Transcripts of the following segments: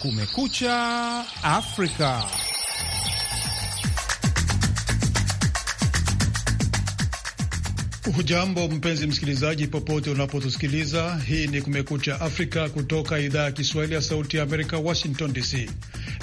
Kumekucha Afrika. Hujambo mpenzi msikilizaji, popote unapotusikiliza. Hii ni Kumekucha Afrika kutoka idhaa ya Kiswahili ya Sauti ya Amerika, Washington DC.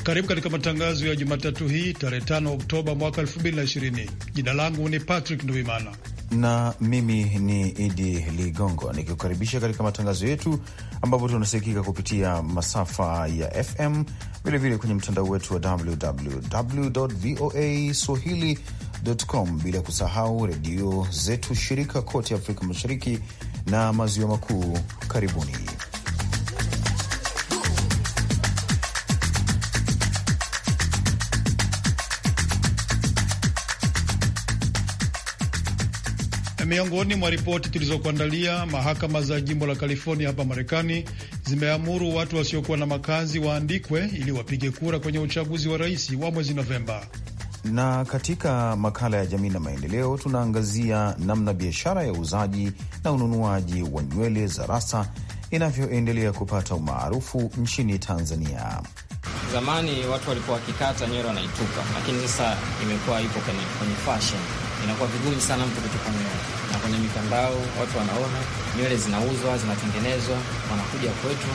Karibu katika matangazo ya Jumatatu hii tarehe 5 Oktoba mwaka 2020. Jina langu ni Patrick Nduimana na mimi ni Idi Ligongo nikikukaribisha katika matangazo yetu ambapo tunasikika kupitia masafa ya FM vilevile kwenye mtandao wetu wa www voa swahili.com, bila kusahau redio zetu shirika kote Afrika Mashariki na Maziwa Makuu. Karibuni. Miongoni mwa ripoti tulizokuandalia, mahakama za jimbo la California hapa Marekani zimeamuru watu wasiokuwa na makazi waandikwe ili wapige kura kwenye uchaguzi wa rais wa mwezi Novemba. Na katika makala ya jamii na maendeleo, tunaangazia namna biashara ya uuzaji na ununuaji wa nywele za rasta inavyoendelea kupata umaarufu nchini Tanzania. Zamani watu walikuwa wakikata nywele wanaituka lakini sasa imekuwa ipo kwenye fashion inakuwa vigumu sana mtu kutoka nywele, na kwenye mitandao watu wanaona nywele zinauzwa, zinatengenezwa, wanakuja kwetu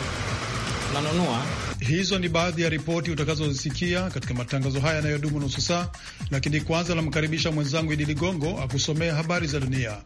tunanunua. Hizo ni baadhi ya ripoti utakazozisikia katika matangazo haya yanayodumu nusu saa, lakini kwanza namkaribisha mwenzangu Idi Ligongo akusomea habari za dunia.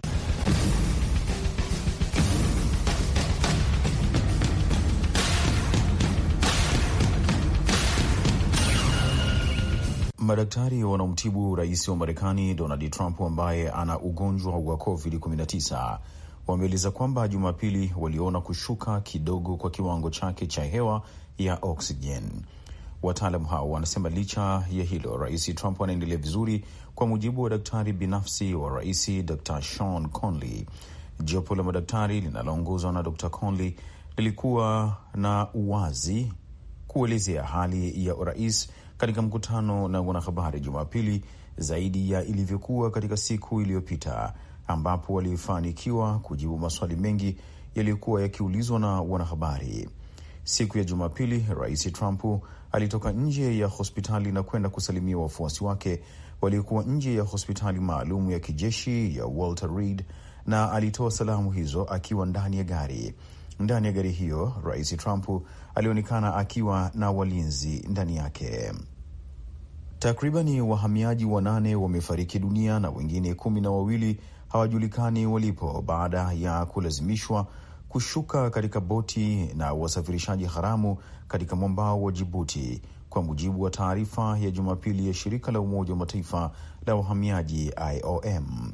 Madaktari wanaomtibu rais wa Marekani Donald Trump ambaye ana ugonjwa wa COVID-19 wameeleza kwamba Jumapili waliona kushuka kidogo kwa kiwango chake cha hewa ya oksijen. Wataalam hao wanasema licha ya hilo, rais Trump anaendelea vizuri, kwa mujibu wa daktari binafsi wa rais Dr Sean Conley. Jopo la madaktari linaloongozwa na Dr Conley lilikuwa na uwazi kuelezea hali ya rais katika mkutano na wanahabari Jumapili, zaidi ya ilivyokuwa katika siku iliyopita, ambapo walifanikiwa kujibu maswali mengi yaliyokuwa yakiulizwa na wanahabari. Siku ya Jumapili, Rais Trump alitoka nje ya hospitali na kwenda kusalimia wafuasi wake waliokuwa nje ya hospitali maalum ya kijeshi ya Walter Reed, na alitoa salamu hizo akiwa ndani ya gari. Ndani ya gari hiyo, Rais Trump alionekana akiwa na walinzi ndani yake. Takribani wahamiaji wanane wamefariki dunia na wengine kumi na wawili hawajulikani walipo baada ya kulazimishwa kushuka katika boti na wasafirishaji haramu katika mwambao wa Jibuti, kwa mujibu wa taarifa ya Jumapili ya shirika la Umoja wa Mataifa la wahamiaji IOM.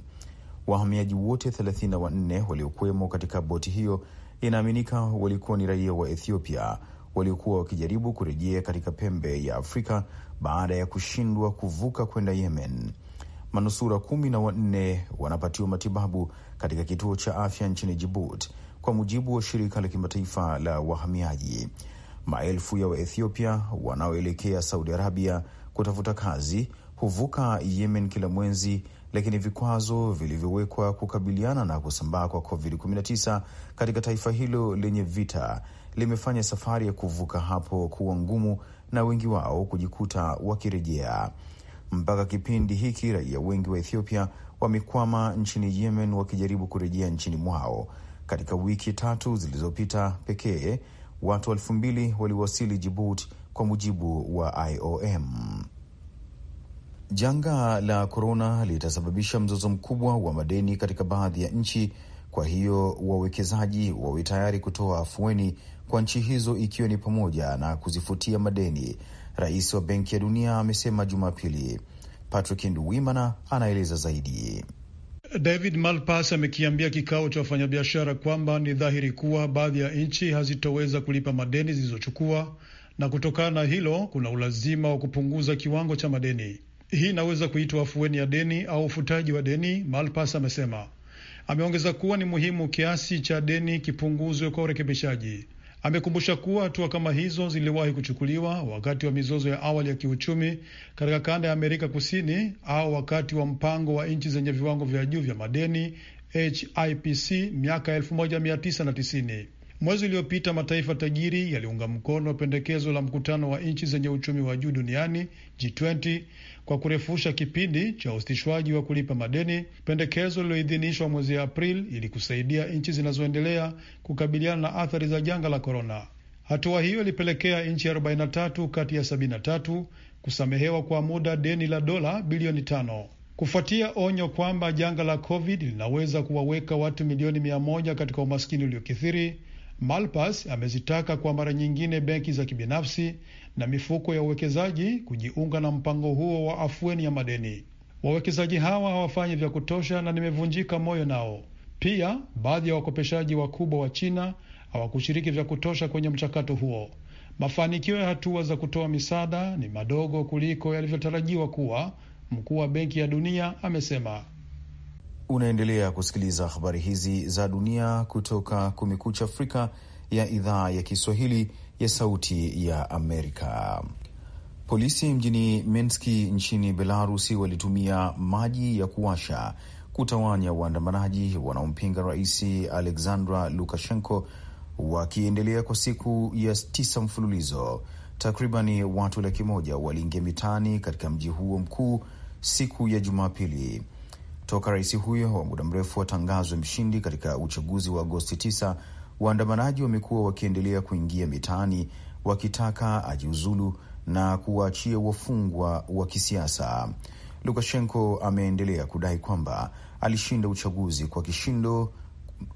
Wahamiaji wote 34 waliokuwemo katika boti hiyo inaaminika walikuwa ni raia wa Ethiopia waliokuwa wakijaribu kurejea katika pembe ya Afrika baada ya kushindwa kuvuka kwenda Yemen. Manusura kumi na wanne wanapatiwa matibabu katika kituo cha afya nchini Jibuti, kwa mujibu wa shirika la kimataifa la wahamiaji. Maelfu ya Waethiopia wanaoelekea Saudi Arabia kutafuta kazi huvuka Yemen kila mwezi lakini vikwazo vilivyowekwa kukabiliana na kusambaa kwa COVID-19 katika taifa hilo lenye vita limefanya safari ya kuvuka hapo kuwa ngumu na wengi wao kujikuta wakirejea. Mpaka kipindi hiki raia wengi wa Ethiopia wamekwama nchini Yemen wakijaribu kurejea nchini mwao. Katika wiki tatu zilizopita pekee watu elfu mbili waliwasili Jibuti kwa mujibu wa IOM. Janga la korona litasababisha mzozo mkubwa wa madeni katika baadhi ya nchi, kwa hiyo wawekezaji wawe tayari kutoa afueni kwa nchi hizo, ikiwa ni pamoja na kuzifutia madeni, rais wa Benki ya Dunia amesema Jumapili. Patrick Nduwimana anaeleza zaidi. David Malpass amekiambia kikao cha wafanyabiashara kwamba ni dhahiri kuwa baadhi ya nchi hazitoweza kulipa madeni zilizochukua, na kutokana na hilo kuna ulazima wa kupunguza kiwango cha madeni. Hii inaweza kuitwa afueni ya deni au ufutaji wa deni, Malpass amesema. Ameongeza kuwa ni muhimu kiasi cha deni kipunguzwe kwa urekebishaji. Amekumbusha kuwa hatua kama hizo ziliwahi kuchukuliwa wakati wa mizozo ya awali ya kiuchumi katika kanda ya Amerika Kusini au wakati wa mpango wa nchi zenye viwango vya juu vya madeni HIPC miaka 1990. Mwezi uliopita mataifa tajiri yaliunga mkono pendekezo la mkutano wa nchi zenye uchumi wa juu duniani G20 kwa kurefusha kipindi cha usitishwaji wa kulipa madeni, pendekezo lililoidhinishwa mwezi Aprili ili kusaidia nchi zinazoendelea kukabiliana na athari za janga la korona. Hatua hiyo ilipelekea nchi 43 kati ya 73 kusamehewa kwa muda deni la dola bilioni tano kufuatia onyo kwamba janga la COVID linaweza kuwaweka watu milioni mia moja katika umaskini uliokithiri. Malpass amezitaka kwa mara nyingine benki za kibinafsi na mifuko ya uwekezaji kujiunga na mpango huo wa afueni ya madeni. Wawekezaji hawa hawafanyi vya kutosha na nimevunjika moyo nao. Pia baadhi ya wakopeshaji wakubwa wa China hawakushiriki vya kutosha kwenye mchakato huo. Mafanikio ya hatua za kutoa misaada ni madogo kuliko yalivyotarajiwa kuwa, mkuu wa Benki ya Dunia amesema. Unaendelea kusikiliza habari hizi za dunia kutoka Kumekucha Afrika ya idhaa ya Kiswahili ya Sauti ya Amerika. Polisi mjini minski nchini Belarusi walitumia maji ya kuwasha kutawanya waandamanaji wanaompinga Rais Alexandra Lukashenko wakiendelea kwa siku ya tisa mfululizo. Takribani watu laki moja waliingia mitaani katika mji huo mkuu siku ya Jumapili toka rais huyo wa muda mrefu atangazwe mshindi katika uchaguzi wa Agosti 9, waandamanaji wamekuwa wakiendelea kuingia mitaani wakitaka ajiuzulu na kuwaachia wafungwa wa kisiasa. Lukashenko ameendelea kudai kwamba alishinda uchaguzi kwa kishindo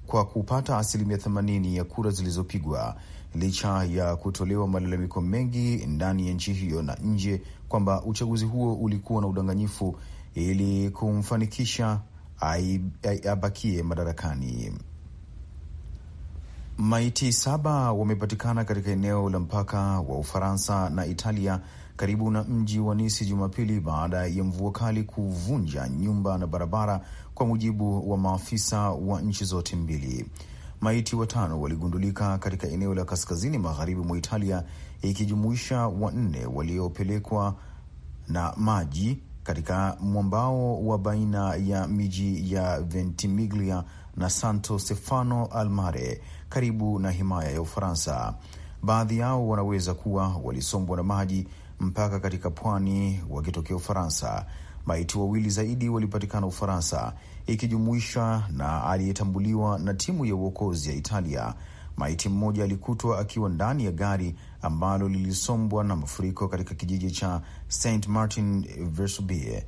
kwa kupata asilimia 80 ya kura zilizopigwa licha ya kutolewa malalamiko mengi ndani ya nchi hiyo na nje kwamba uchaguzi huo ulikuwa na udanganyifu ili kumfanikisha abakie madarakani. Maiti saba wamepatikana katika eneo la mpaka wa Ufaransa na Italia karibu na mji wa Nisi Jumapili baada ya mvua kali kuvunja nyumba na barabara, kwa mujibu wa maafisa wa nchi zote mbili. Maiti watano waligundulika katika eneo la kaskazini magharibi mwa Italia, ikijumuisha wanne waliopelekwa na maji katika mwambao wa baina ya miji ya Ventimiglia na Santo Stefano al Mare karibu na himaya ya Ufaransa. Baadhi yao wanaweza kuwa walisombwa na maji mpaka katika pwani wakitokea Ufaransa. Maiti wawili zaidi walipatikana Ufaransa, ikijumuisha na aliyetambuliwa na timu ya uokozi ya Italia Maiti mmoja alikutwa akiwa ndani ya gari ambalo lilisombwa na mafuriko katika kijiji cha St Martin Vesubie.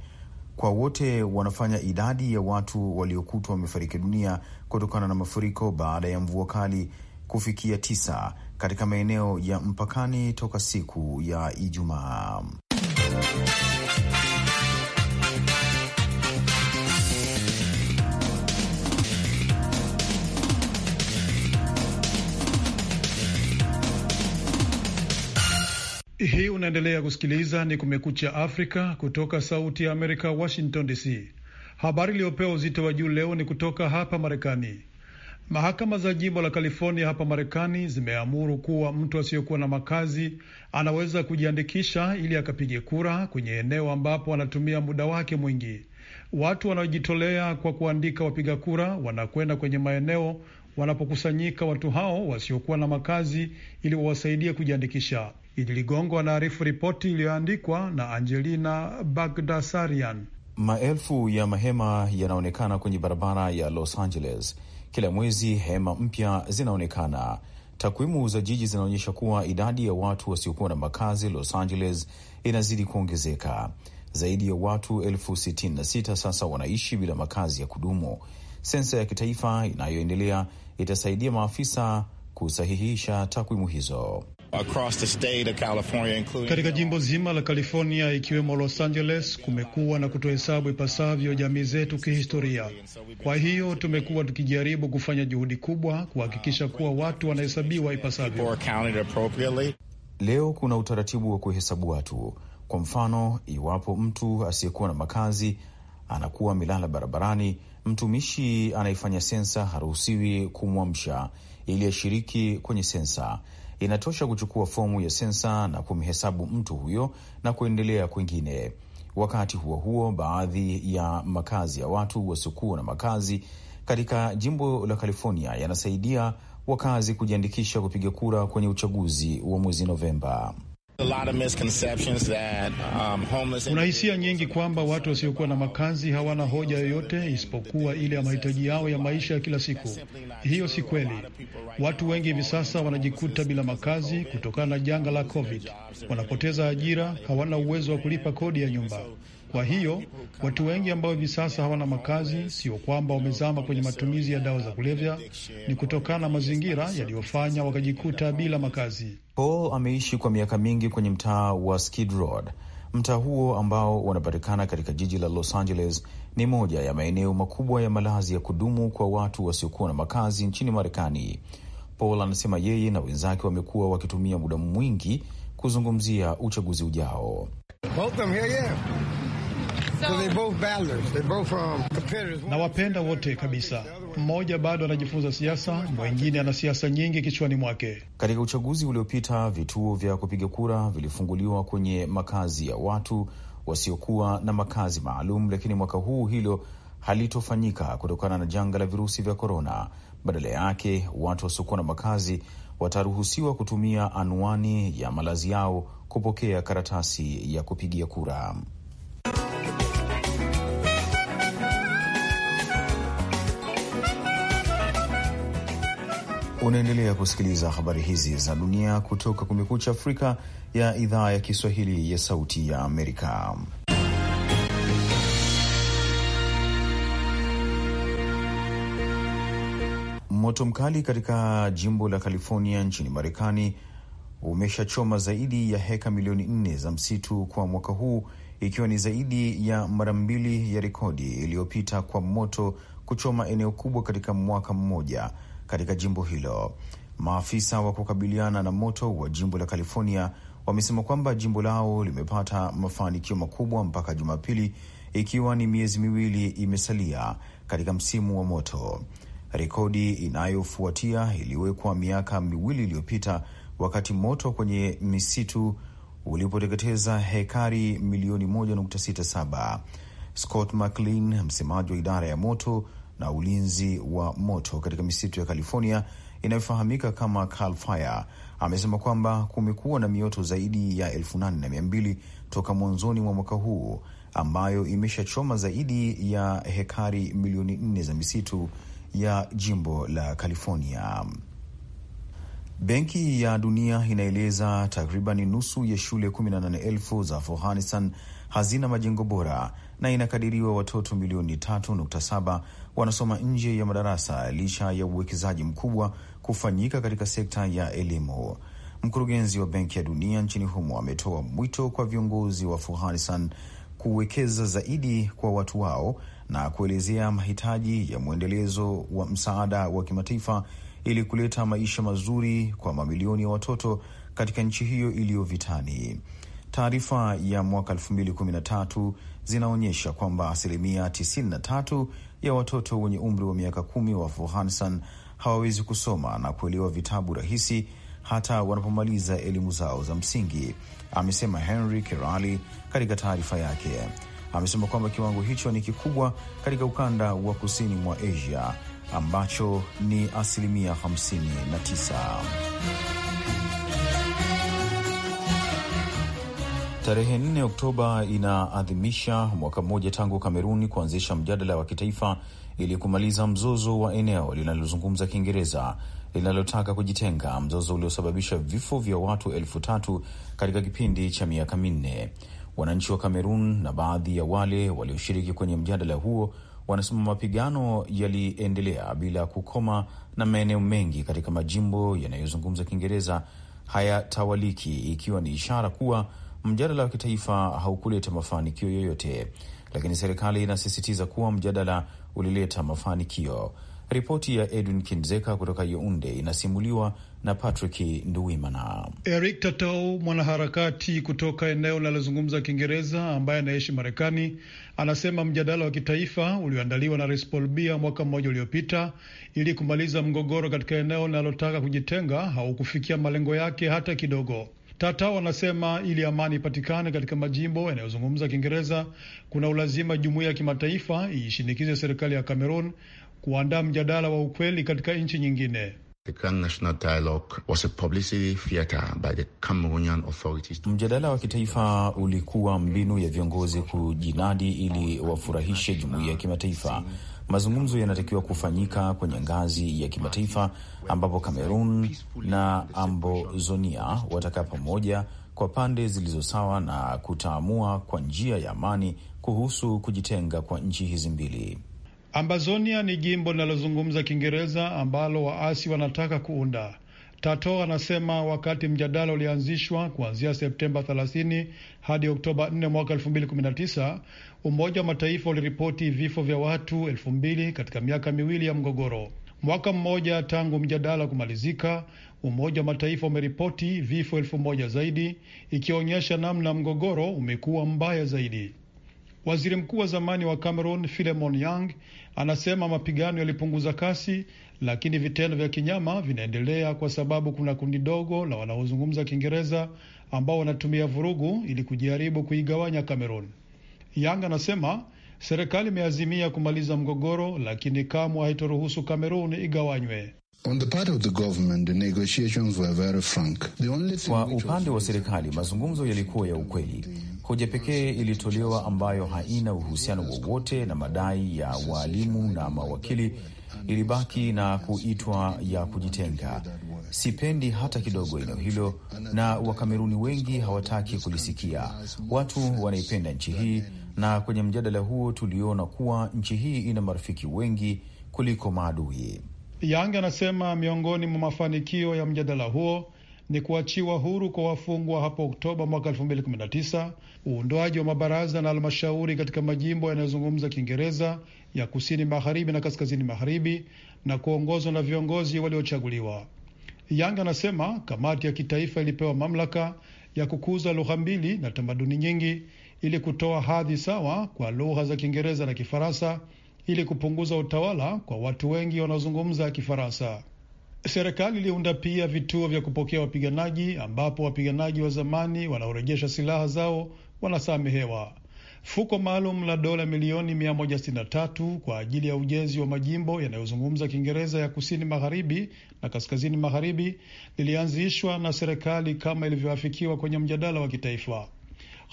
Kwa wote wanafanya idadi ya watu waliokutwa wamefariki dunia kutokana na mafuriko baada ya mvua kali kufikia tisa katika maeneo ya mpakani toka siku ya Ijumaa. Hii unaendelea kusikiliza ni Kumekucha Afrika kutoka Sauti ya Amerika, Washington DC. Habari iliyopewa uzito wa juu leo ni kutoka hapa Marekani. Mahakama za jimbo la California hapa Marekani zimeamuru kuwa mtu asiyekuwa na makazi anaweza kujiandikisha ili akapige kura kwenye eneo ambapo anatumia muda wake mwingi. Watu wanaojitolea kwa kuandika wapiga kura wanakwenda kwenye maeneo wanapokusanyika watu hao wasiokuwa na makazi ili wawasaidie kujiandikisha. Idi Ligongo anaarifu ripoti iliyoandikwa na Angelina Bagdasarian. Maelfu ya mahema yanaonekana kwenye barabara ya Los Angeles. Kila mwezi hema mpya zinaonekana. Takwimu za jiji zinaonyesha kuwa idadi ya watu wasiokuwa na makazi Los Angeles inazidi kuongezeka. Zaidi ya watu elfu sitini na sita sasa wanaishi bila makazi ya kudumu. Sensa ya kitaifa inayoendelea itasaidia maafisa kusahihisha takwimu hizo. Including... katika jimbo zima la California ikiwemo Los Angeles kumekuwa na kutohesabu ipasavyo jamii zetu kihistoria. Kwa hiyo tumekuwa tukijaribu kufanya juhudi kubwa kuhakikisha kuwa watu wanahesabiwa ipasavyo. Leo kuna utaratibu wa kuhesabu watu. Kwa mfano, iwapo mtu asiyekuwa na makazi anakuwa amelala barabarani, mtumishi anayefanya sensa haruhusiwi kumwamsha ili ashiriki kwenye sensa inatosha kuchukua fomu ya sensa na kumhesabu mtu huyo na kuendelea kwingine. Wakati huo huo, baadhi ya makazi ya watu wasiokuwa na makazi katika jimbo la California yanasaidia wakazi kujiandikisha kupiga kura kwenye uchaguzi wa mwezi Novemba. Um, Kuna hisia nyingi kwamba watu wasiokuwa na makazi hawana hoja yoyote isipokuwa ile ya mahitaji yao ya maisha ya kila siku. Hiyo si kweli. Watu wengi hivi sasa wanajikuta bila makazi kutokana na janga la COVID. Wanapoteza ajira, hawana uwezo wa kulipa kodi ya nyumba. Kwa hiyo watu wengi ambao hivi sasa hawana makazi, sio kwamba wamezama kwenye matumizi ya dawa za kulevya, ni kutokana na mazingira yaliyofanya wakajikuta bila makazi. Paul ameishi kwa miaka mingi kwenye mtaa wa Skid Road. Mtaa huo ambao unapatikana katika jiji la Los Angeles ni moja ya maeneo makubwa ya malazi ya kudumu kwa watu wasiokuwa na makazi nchini Marekani. Paul anasema yeye na wenzake wamekuwa wakitumia muda mwingi kuzungumzia uchaguzi ujao. here, yeah. Um, na wapenda wote kabisa. Mmoja bado anajifunza siasa, mwengine ana siasa nyingi kichwani mwake. Katika uchaguzi uliopita, vituo vya kupiga kura vilifunguliwa kwenye makazi ya watu wasiokuwa na makazi maalum, lakini mwaka huu hilo halitofanyika kutokana na janga la virusi vya korona. Badala yake, watu wasiokuwa na makazi wataruhusiwa kutumia anwani ya malazi yao kupokea karatasi ya kupigia kura. Unaendelea kusikiliza habari hizi za dunia kutoka Kumekucha Afrika ya idhaa ya Kiswahili ya Sauti ya Amerika. Moto mkali katika jimbo la California nchini Marekani umeshachoma zaidi ya heka milioni nne za msitu kwa mwaka huu ikiwa ni zaidi ya mara mbili ya rekodi iliyopita kwa moto kuchoma eneo kubwa katika mwaka mmoja, katika jimbo hilo. Maafisa wa kukabiliana na moto wa jimbo la California wamesema kwamba jimbo lao limepata mafanikio makubwa mpaka Jumapili, ikiwa ni miezi miwili imesalia katika msimu wa moto. Rekodi inayofuatia iliwekwa miaka miwili iliyopita wakati moto kwenye misitu ulipoteketeza hekari milioni 1.67. Scott McLean, msemaji wa idara ya moto na ulinzi wa moto katika misitu ya California inayofahamika kama Cal Fire amesema kwamba kumekuwa na mioto zaidi ya elfu nane na mia mbili toka mwanzoni mwa mwaka huu ambayo imeshachoma zaidi ya hekari milioni nne za misitu ya jimbo la California. Benki ya Dunia inaeleza takribani nusu ya shule 18,000 za Afghanistan hazina majengo bora na inakadiriwa watoto milioni 3.7 wanasoma nje ya madarasa licha ya uwekezaji mkubwa kufanyika katika sekta ya elimu. Mkurugenzi wa Benki ya Dunia nchini humo ametoa mwito kwa viongozi wa Afghanistan kuwekeza zaidi kwa watu wao na kuelezea mahitaji ya mwendelezo wa msaada wa kimataifa ili kuleta maisha mazuri kwa mamilioni ya watoto katika nchi hiyo iliyo vitani. Taarifa ya mwaka 2013 zinaonyesha kwamba asilimia 93 ya watoto wenye umri wa miaka kumi wa Afghanistan hawawezi kusoma na kuelewa vitabu rahisi hata wanapomaliza elimu zao za msingi, amesema Henry Kerali katika taarifa yake. Amesema kwamba kiwango hicho ni kikubwa katika ukanda wa kusini mwa Asia ambacho ni asilimia 59. Tarehe 4 Oktoba inaadhimisha mwaka mmoja tangu Kameruni kuanzisha mjadala wa kitaifa ili kumaliza mzozo wa eneo linalozungumza Kiingereza linalotaka kujitenga, mzozo uliosababisha vifo vya watu elfu tatu katika kipindi cha miaka minne. Wananchi wa Kamerun na baadhi ya wale walioshiriki kwenye mjadala huo wanasema mapigano yaliendelea bila kukoma na maeneo mengi katika majimbo yanayozungumza Kiingereza hayatawaliki, ikiwa ni ishara kuwa Mjadala wa kitaifa haukuleta mafanikio yoyote, lakini serikali inasisitiza kuwa mjadala ulileta mafanikio. Ripoti ya Edwin Kinzeka kutoka Yeunde inasimuliwa na Patrick Nduwimana. Eric Tatau, mwanaharakati kutoka eneo linalozungumza Kiingereza ambaye anaishi Marekani, anasema mjadala wa kitaifa ulioandaliwa na Respolbia mwaka mmoja uliopita ili kumaliza mgogoro katika eneo linalotaka kujitenga haukufikia malengo yake hata kidogo. Tata wanasema ili amani ipatikane katika majimbo yanayozungumza Kiingereza, kuna ulazima jumuiya ya kimataifa iishinikize serikali ya Cameroon kuandaa mjadala wa ukweli katika nchi nyingine. Mjadala wa kitaifa ulikuwa mbinu ya viongozi kujinadi ili wafurahishe jumuiya ya kimataifa. Mazungumzo yanatakiwa kufanyika kwenye ngazi ya kimataifa ambapo Kamerun na ambozonia watakaa pamoja kwa pande zilizosawa na kutaamua kwa njia ya amani kuhusu kujitenga kwa nchi hizi mbili. Ambazonia ni jimbo linalozungumza Kiingereza ambalo waasi wanataka kuunda. Tato anasema wakati mjadala ulianzishwa kuanzia Septemba 30 hadi Oktoba 4 mwaka Umoja wa Mataifa uliripoti vifo vya watu elfu mbili katika miaka miwili ya mgogoro. Mwaka mmoja tangu mjadala kumalizika, Umoja wa Mataifa umeripoti vifo elfu moja zaidi, ikionyesha namna mgogoro umekuwa mbaya zaidi. Waziri mkuu wa zamani wa Cameroon Filemon Yang anasema mapigano yalipunguza kasi, lakini vitendo vya kinyama vinaendelea kwa sababu kuna kundi dogo la wanaozungumza Kiingereza ambao wanatumia vurugu ili kujaribu kuigawanya Cameroon. Yanga anasema serikali imeazimia kumaliza mgogoro, lakini kamwe haitoruhusu Kamerun igawanywe. Kwa upande wa serikali, mazungumzo yalikuwa ya ukweli. Hoja pekee ilitolewa ambayo haina uhusiano wowote na madai ya waalimu na mawakili ilibaki na kuitwa ya kujitenga. Sipendi hata kidogo eneo hilo, na Wakameruni wengi hawataki kulisikia. Watu wanaipenda nchi hii, na kwenye mjadala huo tuliona kuwa nchi hii ina marafiki wengi kuliko maadui. Yang anasema miongoni mwa mafanikio ya mjadala huo ni kuachiwa huru kwa wafungwa hapo Oktoba mwaka 2019, uundwaji wa mabaraza na halmashauri katika majimbo yanayozungumza Kiingereza ya kusini magharibi na kaskazini magharibi, na kuongozwa na viongozi waliochaguliwa. Yang anasema kamati ya kitaifa ilipewa mamlaka ya kukuza lugha mbili na tamaduni nyingi ili kutoa hadhi sawa kwa lugha za Kiingereza na Kifaransa ili kupunguza utawala kwa watu wengi wanaozungumza Kifaransa. Serikali iliunda pia vituo vya kupokea wapiganaji ambapo wapiganaji wa zamani wanaorejesha silaha zao wanasamehewa. Fuko maalum la dola milioni 163 kwa ajili ya ujenzi wa majimbo yanayozungumza Kiingereza ya kusini magharibi na kaskazini magharibi lilianzishwa na serikali kama ilivyoafikiwa kwenye mjadala wa kitaifa.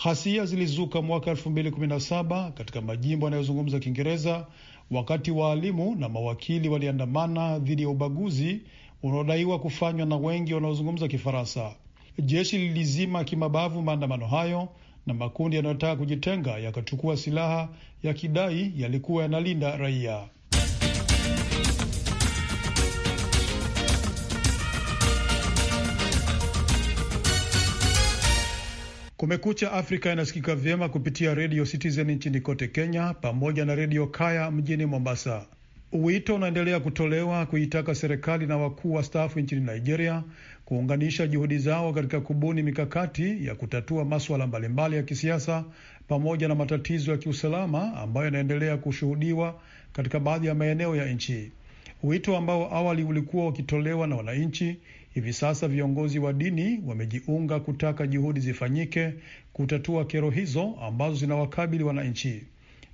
Ghasia zilizuka mwaka 2017 katika majimbo yanayozungumza Kiingereza wakati waalimu na mawakili waliandamana dhidi ya ubaguzi unaodaiwa kufanywa na wengi wanaozungumza Kifaransa. Jeshi lilizima kimabavu maandamano hayo na makundi yanayotaka kujitenga yakachukua silaha yakidai yalikuwa yanalinda raia. Kumekucha Afrika inasikika vyema kupitia redio Citizen nchini kote Kenya, pamoja na redio Kaya mjini Mombasa. Wito unaendelea kutolewa kuitaka serikali na wakuu wa staafu nchini Nigeria kuunganisha juhudi zao katika kubuni mikakati ya kutatua maswala mbalimbali ya kisiasa pamoja na matatizo ya kiusalama ambayo yanaendelea kushuhudiwa katika baadhi ya maeneo ya nchi. Wito ambao awali ulikuwa ukitolewa na wananchi, hivi sasa viongozi wa dini wamejiunga kutaka juhudi zifanyike kutatua kero hizo ambazo zinawakabili wananchi.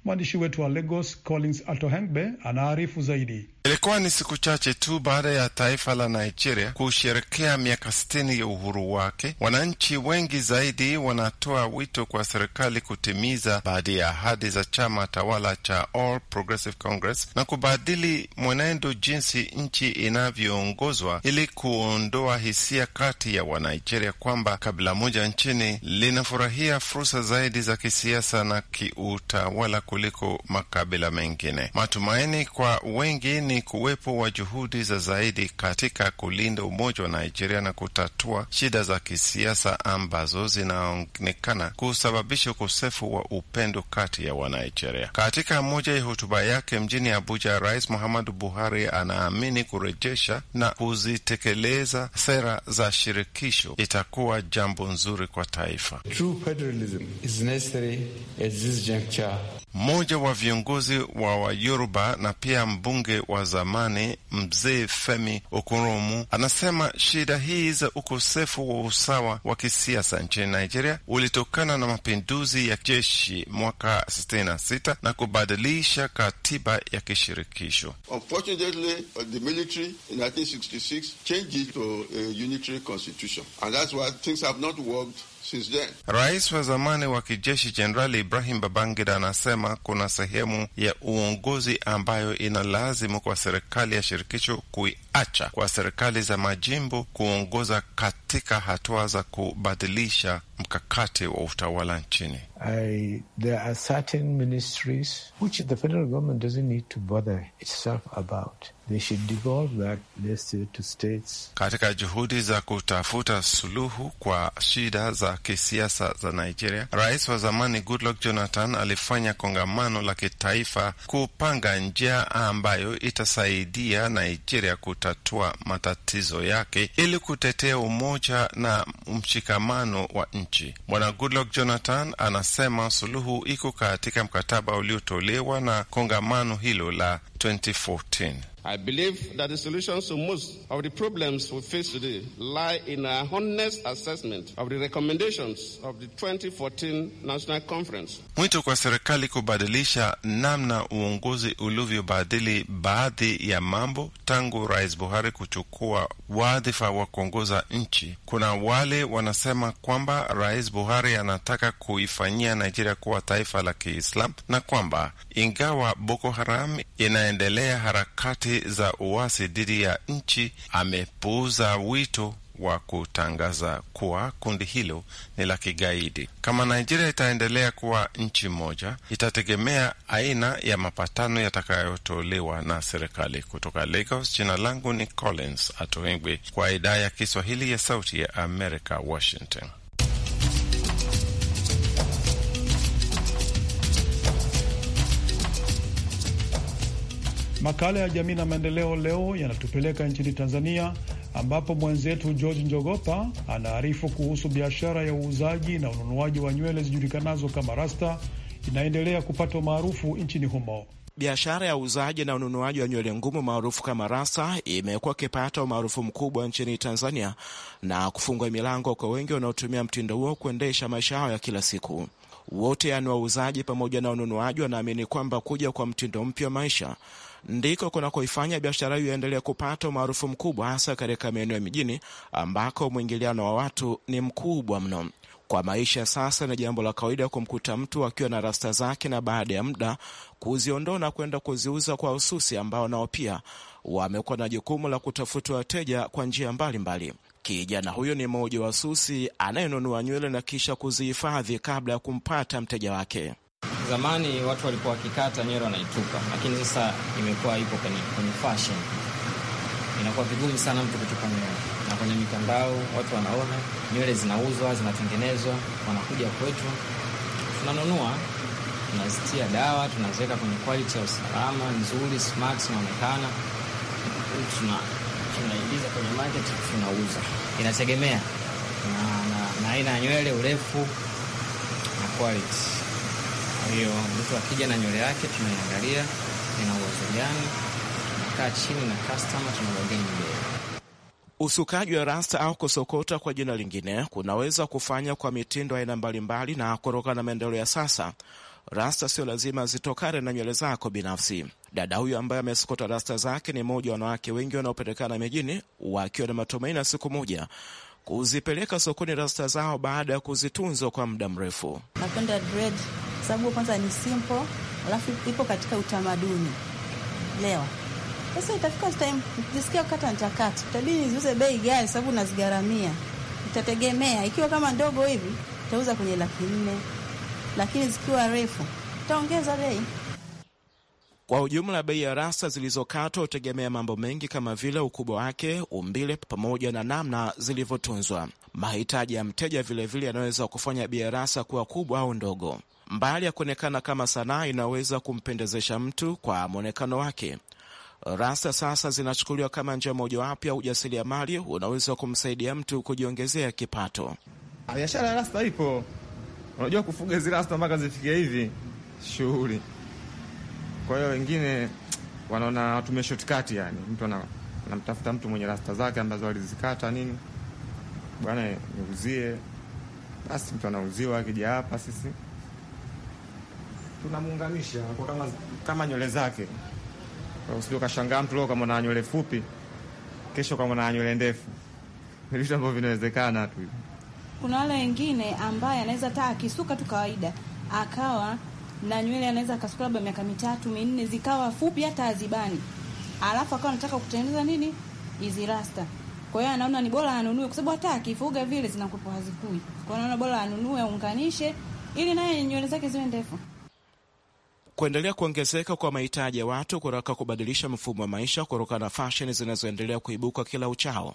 Mwandishi wetu wa Lagos Collins Atohengbe anaarifu zaidi. Ilikuwa ni siku chache tu baada ya taifa la Nigeria kusherekea miaka sitini ya uhuru wake. Wananchi wengi zaidi wanatoa wito kwa serikali kutimiza baadhi ya ahadi za chama tawala cha All Progressive Congress na kubadili mwenendo jinsi nchi inavyoongozwa ili kuondoa hisia kati ya Wanigeria kwamba kabila moja nchini linafurahia fursa zaidi za kisiasa na kiutawala kuliko makabila mengine. Matumaini kwa wengi ni kuwepo wa juhudi za zaidi katika kulinda umoja wa Nigeria na kutatua shida za kisiasa ambazo zinaonekana kusababisha ukosefu wa upendo kati ya Wanigeria. Katika moja ya hotuba yake mjini Abuja, Rais Muhammadu Buhari anaamini kurejesha na kuzitekeleza sera za shirikisho itakuwa jambo nzuri kwa taifa. True Mmoja wa viongozi wa Wayoruba na pia mbunge wa wa zamani mzee Femi Okurumu anasema shida hii za ukosefu wa usawa wa kisiasa nchini Nigeria ulitokana na mapinduzi ya jeshi mwaka 66 na kubadilisha katiba ya kishirikisho. Rais wa zamani wa kijeshi Jenerali Ibrahim Babangida anasema kuna sehemu ya uongozi ambayo ina lazimu kwa serikali ya shirikisho kuiacha kwa serikali za majimbo kuongoza katika hatua za kubadilisha mkakati wa utawala nchini. I, there are certain ministries which the federal government doesn't need to bother itself about. They should devolve that to states. Katika juhudi za kutafuta suluhu kwa shida za kisiasa za Nigeria, rais wa zamani Goodluck Jonathan alifanya kongamano la kitaifa kupanga njia ambayo itasaidia Nigeria kutatua matatizo yake ili kutetea umoja na mshikamano wa nchi nchi. Bwana Goodluck Jonathan anasema suluhu iko katika mkataba uliotolewa na kongamano hilo la 2014. I believe that the solutions to most of the problems we face today lie in a honest assessment of the recommendations of the 2014 National Conference. Mwito kwa serikali kubadilisha namna uongozi ulivyobadili baadhi ya mambo tangu Rais Buhari kuchukua wadhifa wa kuongoza nchi. Kuna wale wanasema kwamba Rais Buhari anataka kuifanyia Nigeria kuwa taifa la Kiislamu na kwamba ingawa Boko Haram ina anaendelea harakati za uasi dhidi ya nchi amepuuza wito wa kutangaza kuwa kundi hilo ni la kigaidi. Kama Nigeria itaendelea kuwa nchi moja, itategemea aina ya mapatano yatakayotolewa na serikali. Kutoka Lagos, jina langu ni Collins Atoengwe, kwa idhaa ya Kiswahili ya Sauti ya Amerika, Washington. Makala ya jamii na maendeleo leo yanatupeleka nchini Tanzania ambapo mwenzetu George Njogopa anaarifu kuhusu biashara ya uuzaji na ununuaji wa nywele zijulikanazo kama rasta inaendelea kupata umaarufu nchini humo. Biashara ya uuzaji na ununuaji wa nywele ngumu maarufu kama rasta imekuwa ikipata umaarufu mkubwa nchini Tanzania na kufungua milango kwa wengi wanaotumia mtindo huo kuendesha maisha yao ya kila siku. Wote yani wauzaji pamoja na wanunuaji wanaamini kwamba kuja kwa mtindo mpya wa maisha ndiko kunakoifanya biashara hiyo iendelee kupata umaarufu mkubwa, hasa katika maeneo ya mijini ambako mwingiliano wa watu ni mkubwa mno. Kwa maisha sasa ni jambo la kawaida kumkuta mtu akiwa na rasta zake na baada ya muda kuziondoa na kwenda kuziuza kwa ususi ambao nao pia wamekuwa na jukumu la kutafuta wateja kwa njia mbalimbali. Kijana huyo ni mmoja wa susi anayenunua nywele na kisha kuzihifadhi kabla ya kumpata mteja wake zamani watu walikuwa wakikata nywele wanaitupa, lakini sasa imekuwa ipo kwenye, kwenye fashion. Inakuwa vigumu sana mtu kutupa nywele, na kwenye mitandao watu wanaona nywele zinauzwa, zinatengenezwa, wanakuja kwetu, tunanunua, tunazitia dawa, tunaziweka kwenye quality ya usalama nzuri, smart, zinaonekana, tunaingiza kwenye market, tunauza. Inategemea na aina ya nywele, urefu na quality. Kwa hiyo mtu akija na nywele yake tunaiangalia ina uwezo gani, tunakaa chini na kastama tunamwageni mbele. Usukaji wa rasta au kusokota kwa jina lingine kunaweza kufanya kwa mitindo aina mbalimbali, na kutokana na maendeleo ya sasa rasta sio lazima zitokane na nywele zako binafsi. Dada huyo ambaye amesokota rasta zake ni mmoja wa wanawake wengi wanaopatikana mijini wakiwa na matumaini ya siku moja kuzipeleka sokoni rasta zao baada ya kuzitunzwa kwa muda mrefu. Napenda dread sababu kwanza ni simple, alafu ipo katika utamaduni lewa. Sasa itafika time nisikia kata nitakata, itabidi niziuze bei gani? Sababu nazigharamia, itategemea ikiwa kama ndogo hivi tauza kwenye laki nne, lakini zikiwa refu taongeza bei. Kwa ujumla bei ya rasta zilizokatwa hutegemea mambo mengi kama vile ukubwa wake, umbile, pamoja na namna zilivyotunzwa. Mahitaji ya mteja vilevile yanaweza kufanya bei ya rasta kuwa kubwa au ndogo. Mbali ya kuonekana kama sanaa inaweza kumpendezesha mtu kwa mwonekano wake, rasta sasa zinachukuliwa kama njia mojawapo ya ujasiriamali unaweza kumsaidia mtu kujiongezea kipato. Biashara ya rasta ipo, unajua kufuga hizi rasta mpaka zifikie hivi shughuli. Kwa hiyo wengine wanaona watumia shortcut, yani mtu anamtafuta mtu mwenye rasta zake ambazo alizikata nini, bwana niuzie. Basi mtu anauziwa, akija hapa sisi tunamuungamisha kama, kama nywele zake. Usije ukashangaa mtu leo ukamwona na nywele fupi, kesho ukamwona na nywele ndefu. Ni vitu ambavyo vinawezekana tu. Kuna wale wengine ambaye anaweza hata akisuka tu kawaida akawa na nywele, anaweza akasuka labda miaka mitatu minne zikawa fupi hata azibani, alafu akawa anataka kutengeneza nini hizi rasta. Kwa hiyo anaona ni bora anunue, kwa sababu hata akifuga vile zinakuwa hazikui. Kwa hiyo anaona bora anunue, aunganishe, ili naye nywele zake ziwe ndefu. Kuendelea kuongezeka kwa mahitaji ya watu kutaka kubadilisha mfumo wa maisha kutokana na fasheni zinazoendelea kuibuka kila uchao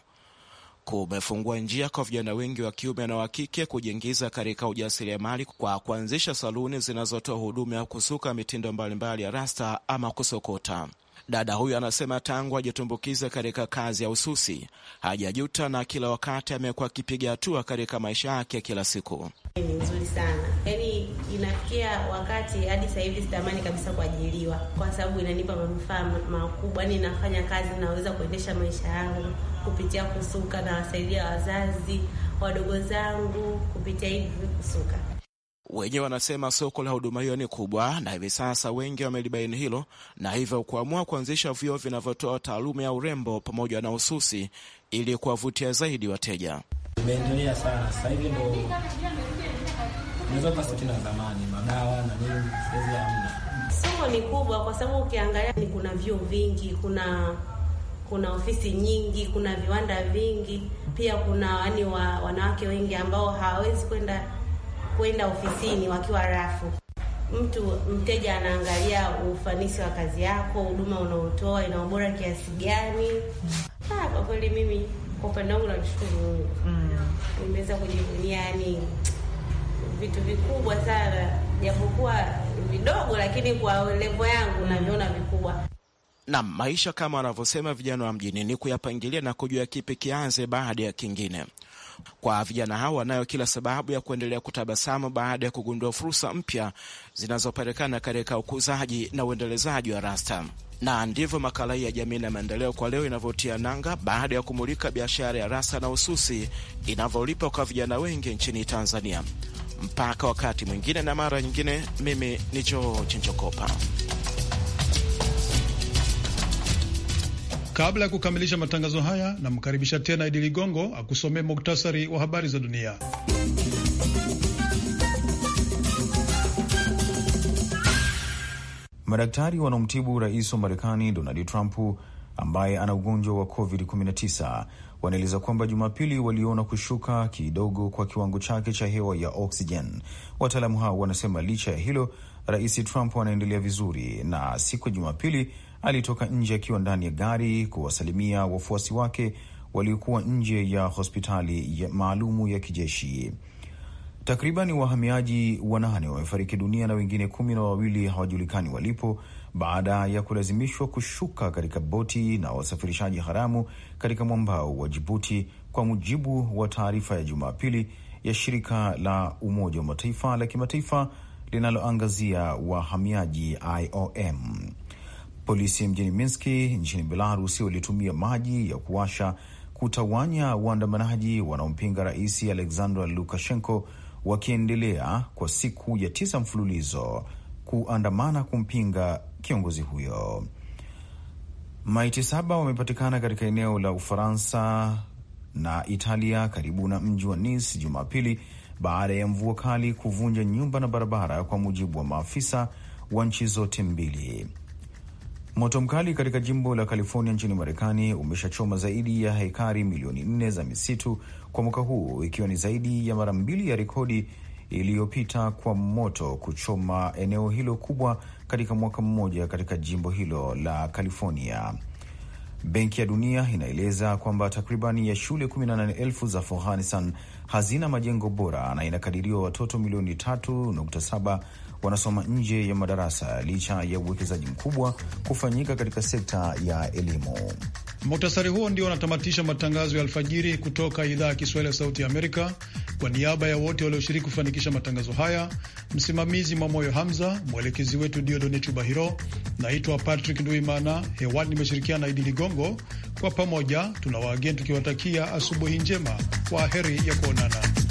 kumefungua njia kwa vijana wengi wa kiume na wa kike kujiingiza katika ujasiriamali kwa kuanzisha saluni zinazotoa huduma ya kusuka mitindo mbalimbali ya rasta ama kusokota. Dada huyu anasema tangu ajitumbukiza katika kazi ya ususi hajajuta, na kila wakati amekuwa akipiga hatua katika maisha yake ya kila siku. Ni nzuri sana, yani inafikia wakati hadi sasa hivi sitamani kabisa kuajiriwa, kwa sababu inanipa manufaa makubwa. Yani inafanya kazi, naweza kuendesha maisha yangu kupitia kusuka, nawasaidia wazazi wadogo zangu kupitia hivi kusuka. Wenyewe wanasema soko la huduma hiyo ni kubwa, na hivi sasa wengi wamelibaini hilo, na hivyo kuamua kuanzisha vyuo vinavyotoa taaluma ya urembo pamoja na ususi ili kuwavutia zaidi wateja. Imeendelea sana sasa hivi, ndo unaweza ukasuti zamani madawa na nini, saizi hamna. Somo ni kubwa kwa sababu ukiangalia ni kuna vyuo vingi, kuna kuna ofisi nyingi, kuna viwanda vingi, pia kuna yani wa, wanawake wengi ambao hawawezi kwenda kwenda ofisini wakiwa rafu. Mtu mteja anaangalia ufanisi wa kazi yako, huduma unaotoa ina ubora kiasi gani. Mm. Ah, kwa kweli mimi kwa upande wangu namshukuru Mungu, mm. nimeweza kujivunia yani vitu vikubwa sana, japokuwa vidogo, lakini kwa levo yangu naviona vikubwa. Na maisha kama wanavyosema vijana wa mjini ni kuyapangilia na kujua kipi kianze baada ya kingine. Kwa vijana hao wanayo kila sababu ya kuendelea kutabasamu baada ya kugundua fursa mpya zinazopatikana katika ukuzaji na uendelezaji wa rasta. Na ndivyo makala hii ya jamii na maendeleo kwa leo inavyotia nanga baada ya kumulika biashara ya rasta na ususi inavyolipa kwa vijana wengi nchini Tanzania. Mpaka wakati mwingine na mara nyingine, mimi ni George chinjokopa Kabla ya kukamilisha matangazo haya, namkaribisha tena Idi Ligongo akusomee muktasari wa habari za dunia. Madaktari wanaomtibu rais wa Marekani Donald Trump ambaye ana ugonjwa wa COVID-19 wanaeleza kwamba Jumapili waliona kushuka kidogo kwa kiwango chake cha hewa ya oksijen. Wataalamu hao wanasema licha ya hilo, rais Trump anaendelea vizuri na siku ya Jumapili alitoka nje akiwa ndani ya gari kuwasalimia wafuasi wake waliokuwa nje ya hospitali maalumu ya kijeshi. Takriban wahamiaji wanane wamefariki dunia na wengine kumi na wawili hawajulikani walipo baada ya kulazimishwa kushuka katika boti na wasafirishaji haramu katika mwambao wa Jibuti, kwa mujibu wa taarifa ya Jumapili ya shirika la Umoja wa Mataifa la kimataifa linaloangazia wahamiaji IOM. Polisi mjini Minski nchini Belarusi walitumia maji ya kuwasha kutawanya waandamanaji wanaompinga rais Alexander Lukashenko, wakiendelea kwa siku ya tisa mfululizo kuandamana kumpinga kiongozi huyo. Maiti saba wamepatikana katika eneo la Ufaransa na Italia karibu na mji wa Nice Jumapili baada ya mvua kali kuvunja nyumba na barabara, kwa mujibu wa maafisa wa nchi zote mbili. Moto mkali katika jimbo la California nchini Marekani umeshachoma zaidi ya hekari milioni nne za misitu kwa mwaka huu, ikiwa ni zaidi ya mara mbili ya rekodi iliyopita kwa moto kuchoma eneo hilo kubwa katika mwaka mmoja katika jimbo hilo la California. Benki ya Dunia inaeleza kwamba takribani ya shule 18,000 za Afghanistan hazina majengo bora na inakadiriwa watoto milioni 3.7 wanasoma nje ya madarasa licha ya uwekezaji mkubwa kufanyika katika sekta ya elimu. Muktasari huo ndio wanatamatisha matangazo ya alfajiri kutoka idhaa ya Kiswahili ya Sauti ya Amerika. Kwa niaba ya wote walioshiriki kufanikisha matangazo haya, msimamizi Mwamoyo Hamza, mwelekezi wetu Diodone Chubahiro. Naitwa Patrick Nduimana, hewani nimeshirikiana na Idi Ligongo. Kwa pamoja tuna waageni tukiwatakia asubuhi njema. Kwa heri ya kuonana.